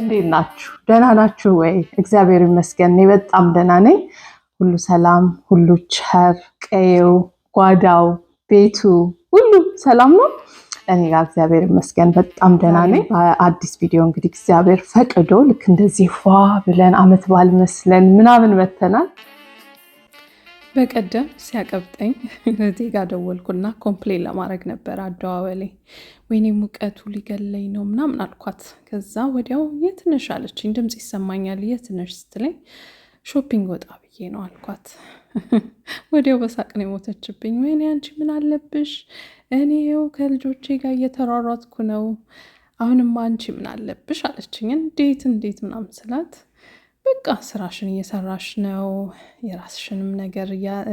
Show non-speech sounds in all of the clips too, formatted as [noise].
እንዴት ናችሁ? ደህና ናችሁ ወይ? እግዚአብሔር ይመስገን እኔ በጣም ደህና ነኝ። ሁሉ ሰላም፣ ሁሉ ቸር፣ ቀየው፣ ጓዳው፣ ቤቱ ሁሉ ሰላም ነው። እኔ ጋር እግዚአብሔር ይመስገን በጣም ደህና ነኝ። በአዲስ ቪዲዮ እንግዲህ እግዚአብሔር ፈቅዶ ልክ እንደዚህ ፏ ብለን አመት በዓል መስለን ምናምን መተናል። በቀደም ሲያቀብጠኝ እህቴ ጋር ደወልኩና ኮምፕሌን ለማድረግ ነበር አደዋወሌ። ወይኔ ሙቀቱ ሊገለኝ ነው ምናምን አልኳት። ከዛ ወዲያው የትነሽ አለችኝ፣ ድምፅ ይሰማኛል የትነሽ ስትለኝ ሾፒንግ ወጣ ብዬ ነው አልኳት። [laughs] ወዲያው በሳቅ ነው የሞተችብኝ። ወይኔ አንቺ ምን አለብሽ? እኔው ከልጆቼ ጋር እየተሯሯጥኩ ነው። አሁንም አንቺ ምን አለብሽ አለችኝ። እንዴት እንዴት ምናምን ስላት በቃ ስራሽን እየሰራሽ ነው፣ የራስሽንም ነገር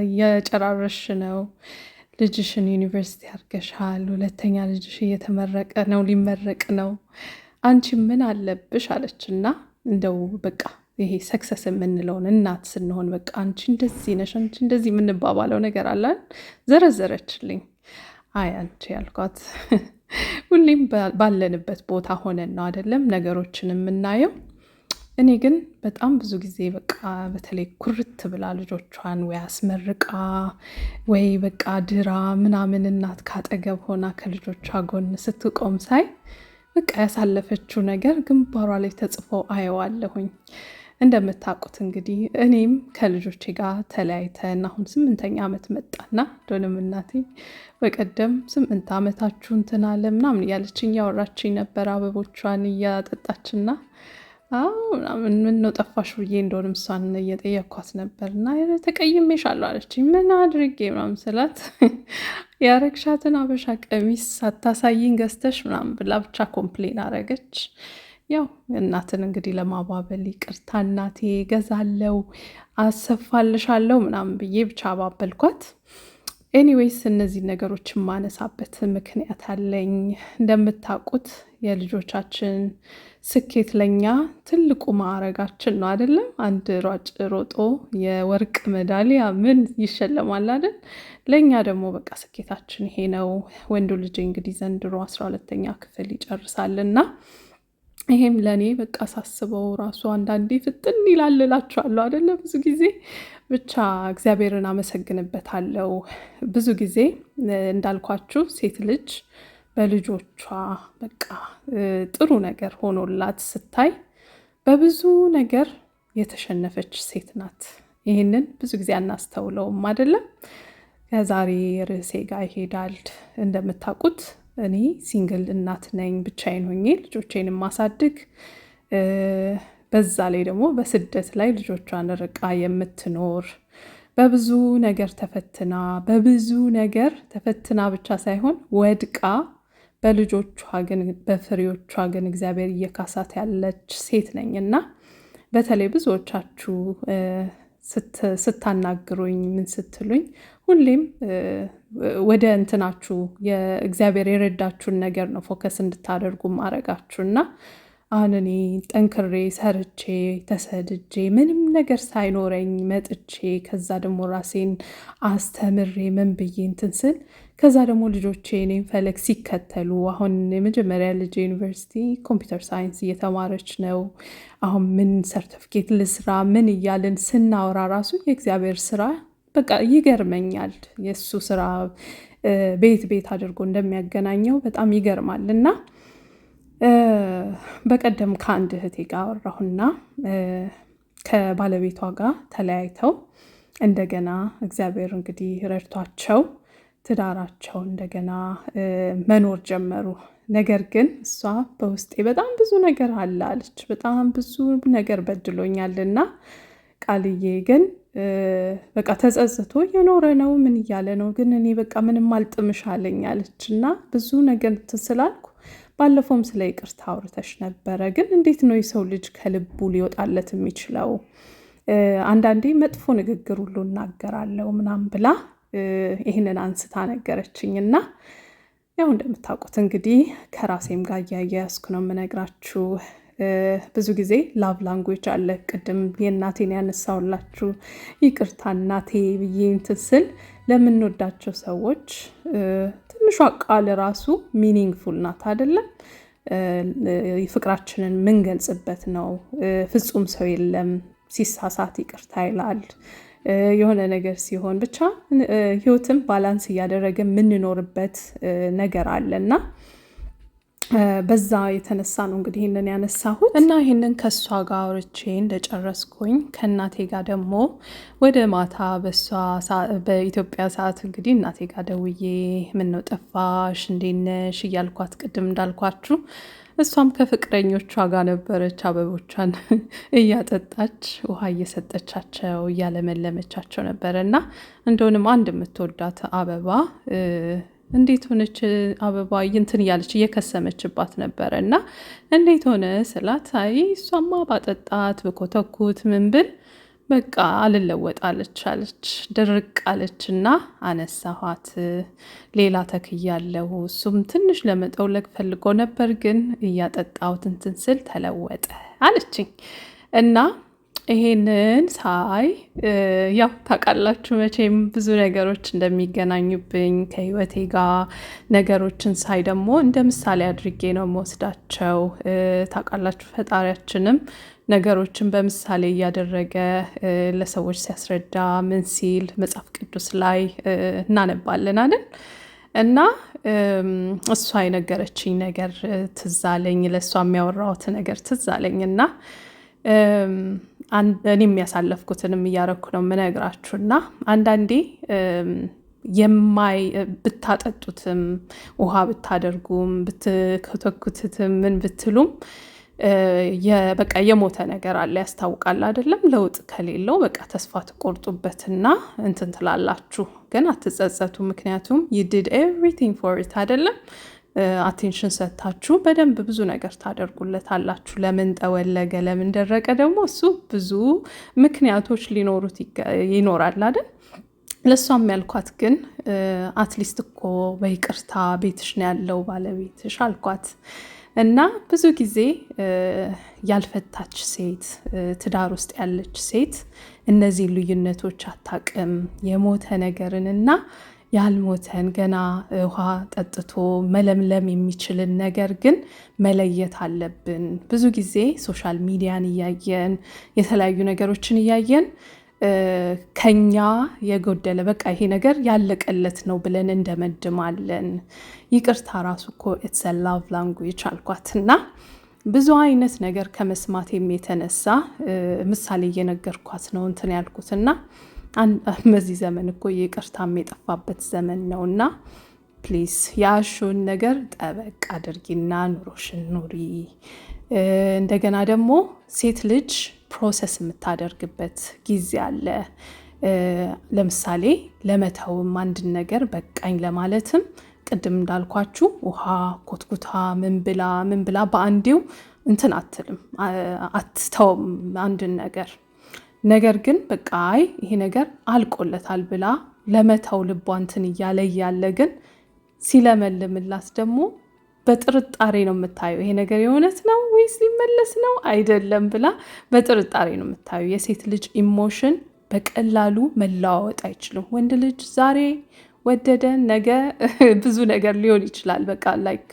እየጨራረሽ ነው። ልጅሽን ዩኒቨርሲቲ አድርገሻል። ሁለተኛ ልጅሽ እየተመረቀ ነው፣ ሊመረቅ ነው። አንቺ ምን አለብሽ አለችና እንደው በቃ ይሄ ሰክሰስ የምንለውን እናት ስንሆን በቃ አንቺ እንደዚህ ነሽ፣ አንቺ እንደዚህ የምንባባለው ነገር አለን። ዘረዘረችልኝ። አይ አንቺ ያልኳት [laughs] ሁሌም ባለንበት ቦታ ሆነን ነው አይደለም ነገሮችን የምናየው። እኔ ግን በጣም ብዙ ጊዜ በቃ በተለይ ኩርት ብላ ልጆቿን ወይ አስመርቃ ወይ በቃ ድራ ምናምን እናት ካጠገብ ሆና ከልጆቿ ጎን ስትቆም ሳይ በቃ ያሳለፈችው ነገር ግንባሯ ላይ ተጽፎ አየዋለሁኝ። እንደምታውቁት እንግዲህ እኔም ከልጆቼ ጋር ተለያይተን አሁን ስምንተኛ ዓመት መጣና ዶንም እናቴ በቀደም ስምንት ዓመታችሁ እንትን አለ ምናምን እያለችኝ ያወራችኝ ነበር አበቦቿን እያጠጣችና አዎ ምን ነው ጠፋሽ ብዬ እንደሆነ እሷን እየጠየኳት ነበር እና ተቀይሜሻለሁ አለች። ምን አድርጌ ምናምን ስላት [laughs] ያረግሻትን አበሻ ቀሚስ አታሳይን ገዝተሽ ምናምን ብላ ብቻ ኮምፕሌን አረገች። ያው እናትን እንግዲህ ለማባበል ይቅርታ እናቴ ገዛለው አሰፋልሻለው ምናምን ብዬ ብቻ አባበልኳት። ኤኒዌይስ እነዚህ ነገሮች የማነሳበት ምክንያት አለኝ። እንደምታውቁት የልጆቻችን ስኬት ለኛ ትልቁ ማዕረጋችን ነው አይደለም? አንድ ሯጭ ሮጦ የወርቅ መዳሊያ ምን ይሸለማል አይደል? ለእኛ ደግሞ በቃ ስኬታችን ይሄ ነው። ወንዱ ልጅ እንግዲህ ዘንድሮ አስራ ሁለተኛ ክፍል ይጨርሳልና ይሄም ለእኔ በቃ ሳስበው ራሱ አንዳንዴ ፍጥን ይላል እላችኋለሁ ብዙ ጊዜ ብቻ እግዚአብሔርን አመሰግንበታለው። ብዙ ጊዜ እንዳልኳችሁ ሴት ልጅ በልጆቿ በቃ ጥሩ ነገር ሆኖላት ስታይ በብዙ ነገር የተሸነፈች ሴት ናት። ይህንን ብዙ ጊዜ አናስተውለውም አይደለም። ከዛሬ ርዕሴ ጋር ይሄዳል። እንደምታውቁት እኔ ሲንግል እናት ነኝ። ብቻዬን ሆኜ ልጆቼን ማሳድግ በዛ ላይ ደግሞ በስደት ላይ ልጆቿን ርቃ የምትኖር በብዙ ነገር ተፈትና በብዙ ነገር ተፈትና ብቻ ሳይሆን ወድቃ በልጆቿ ግን በፍሬዎቿ ግን እግዚአብሔር እየካሳት ያለች ሴት ነኝ እና በተለይ ብዙዎቻችሁ ስታናግሩኝ ምን ስትሉኝ ሁሌም ወደ እንትናችሁ የእግዚአብሔር የረዳችሁን ነገር ነው ፎከስ እንድታደርጉ ማድረጋችሁ እና አሁን እኔ ጠንክሬ ሰርቼ ተሰድጄ ምንም ነገር ሳይኖረኝ መጥቼ ከዛ ደግሞ ራሴን አስተምሬ ምን ብዬ እንትን ስል ከዛ ደግሞ ልጆቼ እኔን ፈለግ ሲከተሉ አሁን የመጀመሪያ ልጅ ዩኒቨርሲቲ ኮምፒውተር ሳይንስ እየተማረች ነው። አሁን ምን ሰርተፍኬት ልስራ ምን እያልን ስናወራ ራሱ የእግዚአብሔር ስራ በቃ ይገርመኛል። የእሱ ስራ ቤት ቤት አድርጎ እንደሚያገናኘው በጣም ይገርማል እና በቀደም ከአንድ እህቴ ጋር አወራሁና ከባለቤቷ ጋር ተለያይተው እንደገና እግዚአብሔር እንግዲህ ረድቷቸው ትዳራቸው እንደገና መኖር ጀመሩ። ነገር ግን እሷ በውስጤ በጣም ብዙ ነገር አለ አለች። በጣም ብዙ ነገር በድሎኛልና ቃልዬ ግን በቃ ተጸጽቶ እየኖረ ነው። ምን እያለ ነው? ግን እኔ በቃ ምንም አልጥምሽ አለኝ አለች እና ብዙ ነገር ትስላልኩ ባለፈውም ስለ ይቅርታ አውርተሽ ነበረ። ግን እንዴት ነው የሰው ልጅ ከልቡ ሊወጣለት የሚችለው? አንዳንዴ መጥፎ ንግግር ሁሉ እናገራለው ምናምን ብላ ይህንን አንስታ ነገረችኝ እና ያው እንደምታውቁት እንግዲህ ከራሴም ጋር እያያያዝኩ ነው የምነግራችሁ። ብዙ ጊዜ ላቭ ላንጉጅ አለ። ቅድም የእናቴን ያነሳውላችሁ ይቅርታ እናቴ ብዬ እንትን ስል ለምንወዳቸው ሰዎች ትንሿ ቃል ራሱ ሚኒንግፉል ናት አይደለም? ፍቅራችንን ምንገልጽበት ነው። ፍጹም ሰው የለም። ሲሳሳት ይቅርታ ይላል። የሆነ ነገር ሲሆን ብቻ ህይወትን ባላንስ እያደረገ የምንኖርበት ነገር አለ እና በዛ የተነሳ ነው እንግዲህ ይህንን ያነሳሁት እና ይህንን ከእሷ ጋር አውርቼ እንደጨረስኩኝ ከእናቴ ጋር ደግሞ ወደ ማታ በኢትዮጵያ ሰዓት እንግዲህ እናቴ ጋር ደውዬ ምነው ጠፋሽ፣ እንዴት ነሽ እያልኳት ቅድም እንዳልኳችሁ እሷም ከፍቅረኞቿ ጋር ነበረች። አበቦቿን [laughs] እያጠጣች ውሃ እየሰጠቻቸው እያለመለመቻቸው ነበረ እና እንደሆንም አንድ የምትወዳት አበባ እንዴት ሆነች አበባ እንትን እያለች እየከሰመችባት ነበረ እና እንዴት ሆነ ስላት፣ አይ እሷማ ባጠጣት በኮተኩት ምን ብል በቃ አልለወጣለች አለች። ድርቅ አለች እና አነሳኋት። ሌላ ተክያለሁ። እሱም ትንሽ ለመጠውለቅ ፈልጎ ነበር፣ ግን እያጠጣሁት እንትን ስል ተለወጠ አለችኝ እና ይሄንን ሳይ ያው ታውቃላችሁ መቼም ብዙ ነገሮች እንደሚገናኙብኝ ከህይወቴ ጋር ነገሮችን ሳይ ደግሞ እንደ ምሳሌ አድርጌ ነው መወስዳቸው። ታውቃላችሁ ፈጣሪያችንም ነገሮችን በምሳሌ እያደረገ ለሰዎች ሲያስረዳ ምን ሲል መጽሐፍ ቅዱስ ላይ እናነባለን አይደል? እና እሷ የነገረችኝ ነገር ትዝ አለኝ፣ ለእሷ የሚያወራሁት ነገር ትዝ አለኝ እና እኔ የሚያሳለፍኩትንም እያረኩ ነው የምነግራችሁ እና አንዳንዴ የማይ ብታጠጡትም ውሃ ብታደርጉም ብትከተኩትትም ምን ብትሉም በቃ የሞተ ነገር አለ ያስታውቃል፣ አይደለም ለውጥ ከሌለው በቃ ተስፋ ትቆርጡበትና እንትን ትላላችሁ፣ ግን አትጸጸቱ። ምክንያቱም ዩ ዲድ ኤቭሪቲንግ ፎር ኢት አይደለም አቴንሽን ሰጥታችሁ በደንብ ብዙ ነገር ታደርጉለታላችሁ። ለምን ጠወለገ፣ ለምን ደረቀ ደግሞ እሱ ብዙ ምክንያቶች ሊኖሩት ይኖራል አይደል? ለእሷም ያልኳት ግን አትሊስት እኮ በይቅርታ ቤትሽ ነው ያለው ባለቤትሽ አልኳት። እና ብዙ ጊዜ ያልፈታች ሴት ትዳር ውስጥ ያለች ሴት እነዚህን ልዩነቶች አታቅም። የሞተ ነገርን እና ያልሞተን ገና ውሃ ጠጥቶ መለምለም የሚችልን ነገር ግን መለየት አለብን። ብዙ ጊዜ ሶሻል ሚዲያን እያየን የተለያዩ ነገሮችን እያየን ከኛ የጎደለ በቃ ይሄ ነገር ያለቀለት ነው ብለን እንደመድማለን። ይቅርታ ራሱ እኮ ኢትስ ላቭ ላንጉጅ አልኳት እና ብዙ አይነት ነገር ከመስማቴም የተነሳ ምሳሌ እየነገርኳት ነው እንትን ያልኩትና [laughs] በዚህ ዘመን እኮ ይቅርታም የጠፋበት ዘመን ነው እና ፕሊዝ ያሹን ነገር ጠበቅ አድርጊና ኑሮሽን ኑሪ። እንደገና ደግሞ ሴት ልጅ ፕሮሰስ የምታደርግበት ጊዜ አለ። ለምሳሌ ለመተውም አንድን ነገር በቃኝ ለማለትም ቅድም እንዳልኳችሁ ውሃ ኮትኩታ ምን ብላ ምን ብላ በአንዴው እንትን አትልም አትተውም አንድን ነገር ነገር ግን በቃ አይ ይሄ ነገር አልቆለታል ብላ ለመተው ልቧ እንትን እያለ እያለ ግን ሲለመልምላት ደግሞ በጥርጣሬ ነው የምታየው። ይሄ ነገር የእውነት ነው ወይስ ሊመለስ ነው አይደለም ብላ በጥርጣሬ ነው የምታየው። የሴት ልጅ ኢሞሽን በቀላሉ መለዋወጥ አይችልም። ወንድ ልጅ ዛሬ ወደደን ነገ [laughs] ብዙ ነገር ሊሆን ይችላል። በቃ ላይክ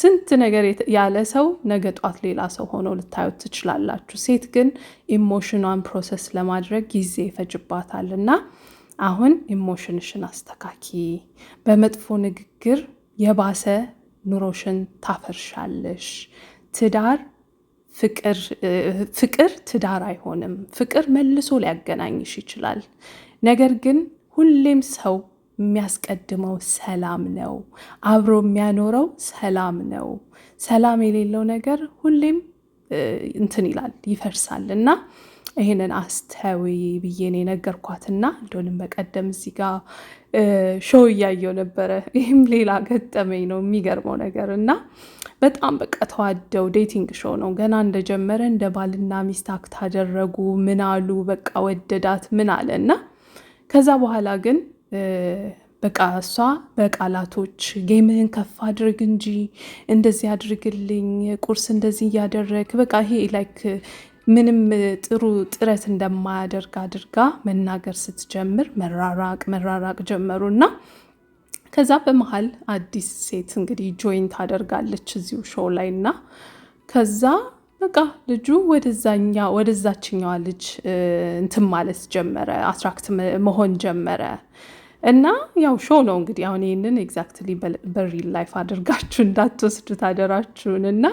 ስንት ነገር ያለ ሰው ነገ ጧት ሌላ ሰው ሆኖ ልታዩት ትችላላችሁ። ሴት ግን ኢሞሽኗን ፕሮሰስ ለማድረግ ጊዜ ይፈጅባታል እና አሁን ኢሞሽንሽን አስተካኪ። በመጥፎ ንግግር የባሰ ኑሮሽን ታፈርሻለሽ። ትዳር ፍቅር ትዳር አይሆንም። ፍቅር መልሶ ሊያገናኝሽ ይችላል። ነገር ግን ሁሌም ሰው የሚያስቀድመው ሰላም ነው። አብሮ የሚያኖረው ሰላም ነው። ሰላም የሌለው ነገር ሁሌም እንትን ይላል ይፈርሳል። እና ይህንን አስተዊ ብዬን የነገርኳትና እንደሆንም በቀደም እዚህ ጋ ሾው እያየው ነበረ። ይህም ሌላ ገጠመኝ ነው የሚገርመው ነገር እና በጣም በቃ ተዋደው ዴቲንግ ሾው ነው ገና እንደጀመረ እንደ ባልና ሚስት አክት አደረጉ። ምን አሉ በቃ ወደዳት ምን አለ እና ከዛ በኋላ ግን በቃ እሷ በቃላቶች ጌምህን ከፍ አድርግ እንጂ እንደዚህ አድርግልኝ፣ ቁርስ እንደዚህ እያደረግ በቃ ይሄ ላይክ ምንም ጥሩ ጥረት እንደማያደርግ አድርጋ መናገር ስትጀምር መራራቅ መራራቅ ጀመሩ እና ከዛ በመሀል አዲስ ሴት እንግዲህ ጆይን ታደርጋለች እዚሁ ሾው ላይ እና ከዛ በቃ ልጁ ወደዛኛ ወደዛችኛዋ ልጅ እንትን ማለት ጀመረ፣ አትራክት መሆን ጀመረ። እና ያው ሾው ነው እንግዲህ አሁን ይህንን ኤግዛክትሊ በሪል ላይፍ አድርጋችሁ [laughs] እንዳትወስዱት አደራችሁን። እና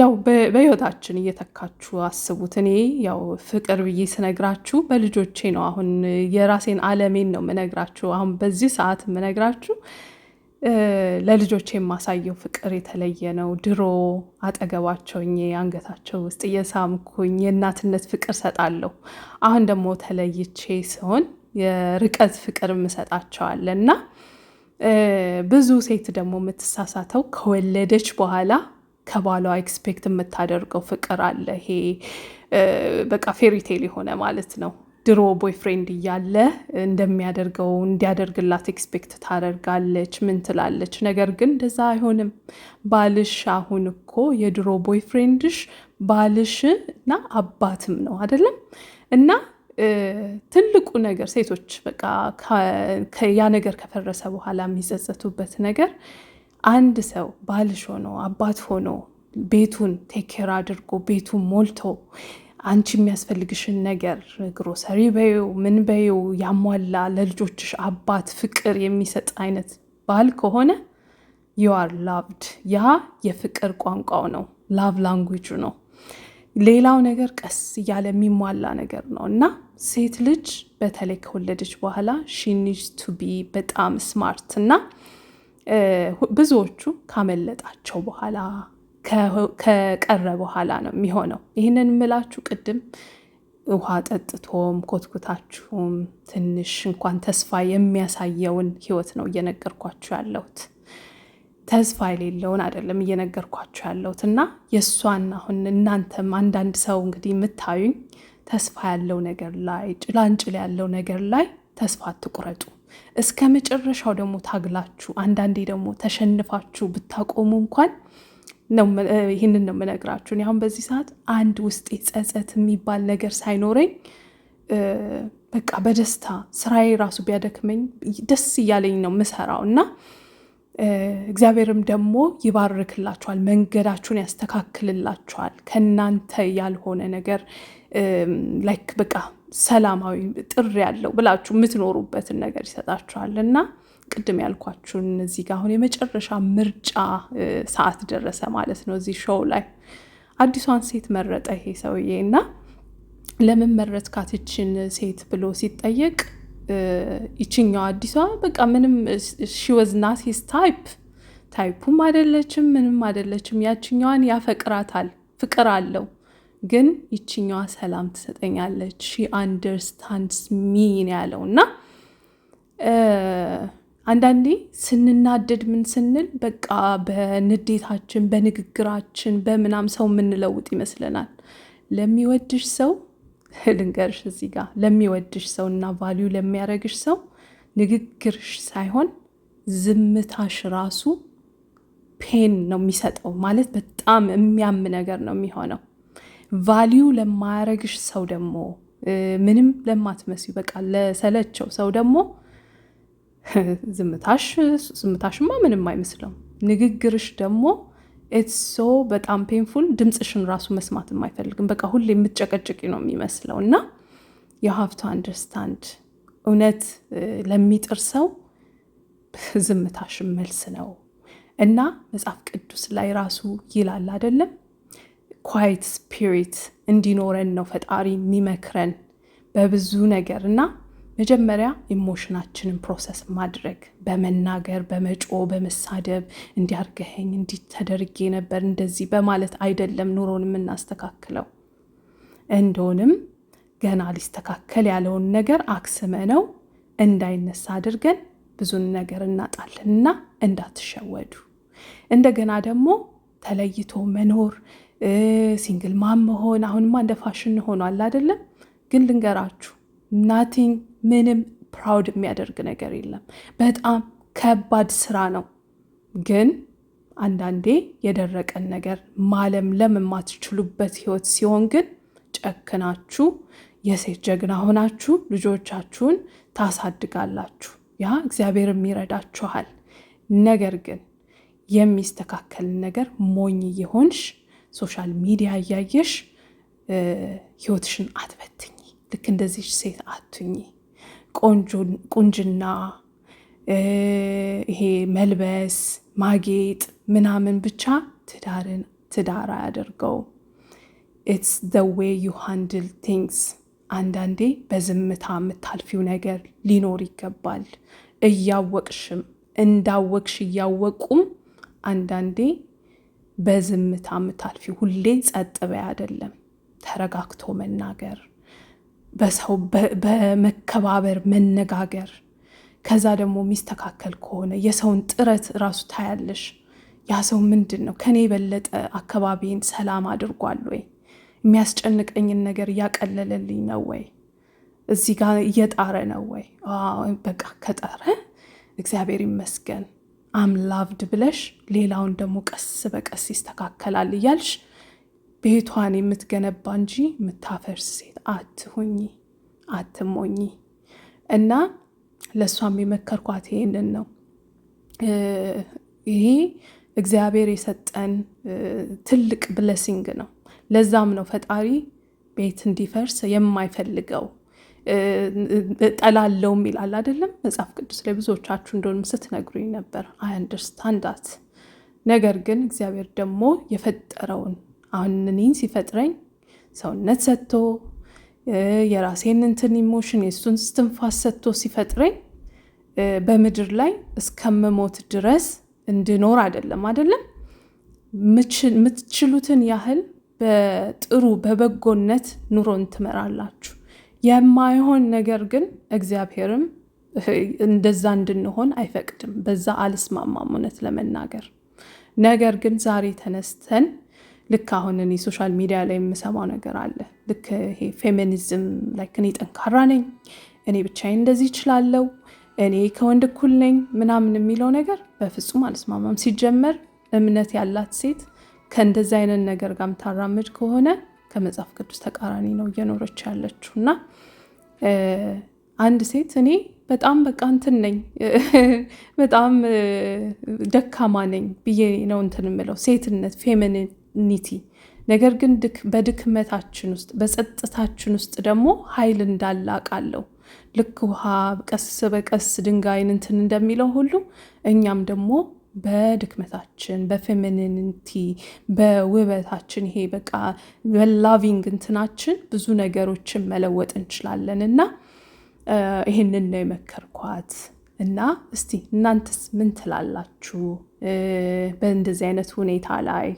ያው በህይወታችን እየተካችሁ አስቡት። እኔ ያው ፍቅር ብዬ ስነግራችሁ በልጆቼ ነው። አሁን የራሴን አለሜን ነው የምነግራችሁ። አሁን በዚህ ሰዓት የምነግራችሁ ለልጆቼ የማሳየው ፍቅር የተለየ ነው። ድሮ አጠገባቸው አንገታቸው ውስጥ እየሳምኩኝ የእናትነት ፍቅር ሰጣለሁ። አሁን ደግሞ ተለይቼ ሲሆን የርቀት ፍቅር ምሰጣቸዋለ እና ብዙ ሴት ደግሞ የምትሳሳተው ከወለደች በኋላ ከባሏ ኤክስፔክት የምታደርገው ፍቅር አለ። ይሄ በቃ ፌሪቴል የሆነ ማለት ነው። ድሮ ቦይፍሬንድ እያለ እንደሚያደርገው እንዲያደርግላት ኤክስፔክት ታደርጋለች፣ ምን ትላለች። ነገር ግን እንደዛ አይሆንም። ባልሽ አሁን እኮ የድሮ ቦይፍሬንድሽ ባልሽ እና አባትም ነው አይደለም እና ትልቁ ነገር ሴቶች በቃ ያ ነገር ከፈረሰ በኋላ የሚጸጸቱበት ነገር አንድ ሰው ባልሽ ሆኖ አባት ሆኖ ቤቱን ቴኬር አድርጎ ቤቱን ሞልቶ አንቺ የሚያስፈልግሽን ነገር ግሮሰሪ በይው ምን በይው ያሟላ ለልጆችሽ አባት ፍቅር የሚሰጥ አይነት ባል ከሆነ ዩ አር ላቭድ። ያ የፍቅር ቋንቋው ነው፣ ላቭ ላንጉጁ ነው። ሌላው ነገር ቀስ እያለ የሚሟላ ነገር ነው እና ሴት ልጅ በተለይ ከወለደች በኋላ ቱ ቱቢ በጣም ስማርት እና ብዙዎቹ ካመለጣቸው በኋላ ከቀረ በኋላ ነው የሚሆነው። ይህንን የምላችሁ ቅድም ውሃ ጠጥቶም ኮትኩታችሁም ትንሽ እንኳን ተስፋ የሚያሳየውን ህይወት ነው እየነገርኳችሁ ያለሁት። ተስፋ የሌለውን አይደለም እየነገርኳችሁ ያለሁት እና የእሷን አሁን እናንተም አንዳንድ ሰው እንግዲህ የምታዩኝ ተስፋ ያለው ነገር ላይ ጭላንጭል ያለው ነገር ላይ ተስፋ አትቁረጡ። እስከ መጨረሻው ደግሞ ታግላችሁ አንዳንዴ ደግሞ ተሸንፋችሁ ብታቆሙ እንኳን ይህንን ነው የምነግራችሁ። እኔ አሁን በዚህ ሰዓት አንድ ውስጤ ጸጸት የሚባል ነገር ሳይኖረኝ በቃ በደስታ ስራዬ ራሱ ቢያደክመኝ ደስ እያለኝ ነው ምሰራው እና እግዚአብሔርም ደግሞ ይባርክላችኋል፣ መንገዳችሁን ያስተካክልላችኋል። ከእናንተ ያልሆነ ነገር ላይክ በቃ ሰላማዊ ጥሪ ያለው ብላችሁ የምትኖሩበትን ነገር ይሰጣችኋል እና ቅድም ያልኳችሁን እዚህ ጋር አሁን የመጨረሻ ምርጫ ሰዓት ደረሰ ማለት ነው። እዚህ ሾው ላይ አዲሷን ሴት መረጠ ይሄ ሰውዬ እና ለምን መረጥካት ይችን ሴት ብሎ ሲጠየቅ ይችኛው አዲሷ በቃ ምንም ሺወዝ ናሲስ ታይፕ ታይፑም አይደለችም፣ ምንም አይደለችም። ያችኛዋን ያፈቅራታል፣ ፍቅር አለው። ግን ይችኛዋ ሰላም ትሰጠኛለች፣ ሺ አንደርስታንድስ ሚን ያለው እና አንዳንዴ ስንናደድ ምን ስንል በቃ በንዴታችን በንግግራችን በምናም ሰው የምንለውጥ ይመስለናል። ለሚወድሽ ሰው ልንገርሽ እዚህ ጋ ለሚወድሽ ሰው እና ቫሊዩ ለሚያደርግሽ ሰው ንግግርሽ ሳይሆን ዝምታሽ ራሱ ፔን ነው የሚሰጠው። ማለት በጣም የሚያም ነገር ነው የሚሆነው። ቫሊዩ ለማያረግሽ ሰው ደግሞ ምንም ለማትመሲ በቃ ለሰለቸው ሰው ደግሞ [laughs] ዝምታሽ ዝምታሽማ ምንም አይመስለውም። ንግግርሽ ደግሞ ኢትስ ሶ በጣም ፔንፉል ድምፅሽን ራሱ መስማትም አይፈልግም። በቃ ሁሌ የምትጨቀጭቂ ነው የሚመስለው እና የሀብቱ አንደርስታንድ እውነት ለሚጥር ሰው ዝምታሽ መልስ ነው እና መጽሐፍ ቅዱስ ላይ ራሱ ይላል አይደለም ኳይት ስፒሪት እንዲኖረን ነው ፈጣሪ የሚመክረን በብዙ ነገር እና መጀመሪያ ኢሞሽናችንን ፕሮሰስ ማድረግ በመናገር በመጮ በመሳደብ እንዲያርገኸኝ እንዲተደርጌ ነበር እንደዚህ በማለት አይደለም ኑሮን የምናስተካክለው። እንደሆንም ገና ሊስተካከል ያለውን ነገር አክስመ ነው እንዳይነሳ አድርገን ብዙን ነገር እናጣለንና እንዳትሸወዱ። እንደገና ደግሞ ተለይቶ መኖር ሲንግል ማም መሆን አሁንማ እንደ ፋሽን ሆኗል አይደለም። ግን ልንገራችሁ ናቲንግ ምንም ፕራውድ የሚያደርግ ነገር የለም። በጣም ከባድ ስራ ነው። ግን አንዳንዴ የደረቀን ነገር ማለምለም የማትችሉበት ህይወት ሲሆን ግን ጨክናችሁ የሴት ጀግና ሆናችሁ ልጆቻችሁን ታሳድጋላችሁ። ያ እግዚአብሔርም ይረዳችኋል። ነገር ግን የሚስተካከልን ነገር ሞኝ እየሆንሽ ሶሻል ሚዲያ እያየሽ ህይወትሽን አትበትኝ። ልክ እንደዚች ሴት አቱኝ ቁንጅና፣ ይሄ መልበስ፣ ማጌጥ ምናምን ብቻ ትዳርን ትዳር አያደርገው። ኢትስ ዘ ዌይ ዩ ሃንድል ቲንግስ። አንዳንዴ በዝምታ የምታልፊው ነገር ሊኖር ይገባል። እያወቅሽም እንዳወቅሽ እያወቁም አንዳንዴ በዝምታ የምታልፊው ሁሌ ጸጥ በይ አይደለም፣ ተረጋግቶ መናገር በሰው በመከባበር መነጋገር ከዛ ደግሞ የሚስተካከል ከሆነ የሰውን ጥረት እራሱ ታያለሽ። ያ ሰው ምንድን ነው ከኔ የበለጠ አካባቢን ሰላም አድርጓል ወይ? የሚያስጨንቀኝን ነገር እያቀለለልኝ ነው ወይ? እዚህ ጋር እየጣረ ነው ወይ? በቃ ከጣረ እግዚአብሔር ይመስገን አምላቭድ ብለሽ ሌላውን ደግሞ ቀስ በቀስ ይስተካከላል እያልሽ ቤቷን የምትገነባ እንጂ የምታፈርስ ሴት አትሁኝ፣ አትሞኝ። እና ለእሷም የመከርኳት ይሄንን ነው። ይሄ እግዚአብሔር የሰጠን ትልቅ ብለሲንግ ነው። ለዛም ነው ፈጣሪ ቤት እንዲፈርስ የማይፈልገው። ጠላለውም ይላል አይደለም መጽሐፍ ቅዱስ ላይ ብዙዎቻችሁ እንደሆነ ስትነግሩኝ ነበር። አይ አንደርስታንዳት ነገር ግን እግዚአብሔር ደግሞ የፈጠረውን አሁን እኔን ሲፈጥረኝ ሰውነት ሰጥቶ የራሴን እንትን ኢሞሽን የእሱን ስትንፋስ ሰጥቶ ሲፈጥረኝ በምድር ላይ እስከምሞት ድረስ እንድኖር አይደለም አይደለም የምትችሉትን ያህል በጥሩ በበጎነት ኑሮን ትመራላችሁ። የማይሆን ነገር ግን እግዚአብሔርም እንደዛ እንድንሆን አይፈቅድም። በዛ አልስማማም እውነት ለመናገር ነገር ግን ዛሬ ተነስተን ልክ አሁን እኔ ሶሻል ሚዲያ ላይ የምሰማው ነገር አለ። ልክ ይሄ ፌሚኒዝም ላይ እኔ ጠንካራ ነኝ፣ እኔ ብቻዬን እንደዚህ እችላለሁ፣ እኔ ከወንድ እኩል ነኝ ምናምን የሚለው ነገር በፍጹም አልስማማም። ሲጀመር እምነት ያላት ሴት ከእንደዚህ አይነት ነገር ጋር የምታራምድ ከሆነ ከመጽሐፍ ቅዱስ ተቃራኒ ነው እየኖረች ያለችው እና አንድ ሴት እኔ በጣም በቃ እንትን ነኝ [laughs] በጣም ደካማ ነኝ ብዬ ነው እንትን የምለው ሴትነት ፌሚኒን ኒቲ ነገር ግን በድክመታችን ውስጥ በጸጥታችን ውስጥ ደግሞ ኃይል እንዳላቃለው ልክ ውሃ ቀስ በቀስ ድንጋይን እንትን እንደሚለው ሁሉ እኛም ደግሞ በድክመታችን በፌሚኒንቲ በውበታችን ይሄ በቃ በላቪንግ እንትናችን ብዙ ነገሮችን መለወጥ እንችላለን። እና ይህንን ነው የመከርኳት። እና እስቲ እናንተስ ምን ትላላችሁ በእንደዚህ አይነት ሁኔታ ላይ?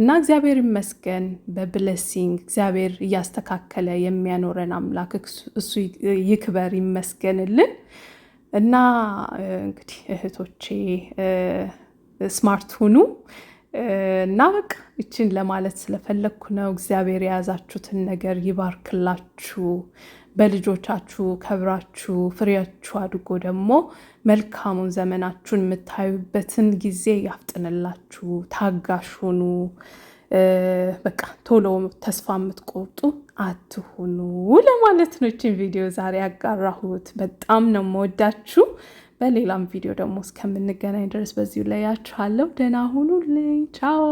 እና እግዚአብሔር ይመስገን በብለሲንግ እግዚአብሔር እያስተካከለ የሚያኖረን አምላክ እሱ ይክበር ይመስገንልን። እና እንግዲህ እህቶቼ ስማርት ሁኑ። እና በቃ ይችን ለማለት ስለፈለግኩ ነው። እግዚአብሔር የያዛችሁትን ነገር ይባርክላችሁ፣ በልጆቻችሁ ከብራችሁ ፍሬያችሁ አድጎ ደግሞ መልካሙን ዘመናችሁን የምታዩበትን ጊዜ ያፍጥንላችሁ። ታጋሽ ሁኑ። በቃ ቶሎ ተስፋ የምትቆርጡ አትሁኑ ለማለት ነው። ይችን ቪዲዮ ዛሬ ያጋራሁት። በጣም ነው የምወዳችሁ። በሌላም ቪዲዮ ደግሞ እስከምንገናኝ ድረስ በዚሁ ላይ ያችኋለሁ። ደህና ሁኑልኝ። ቻው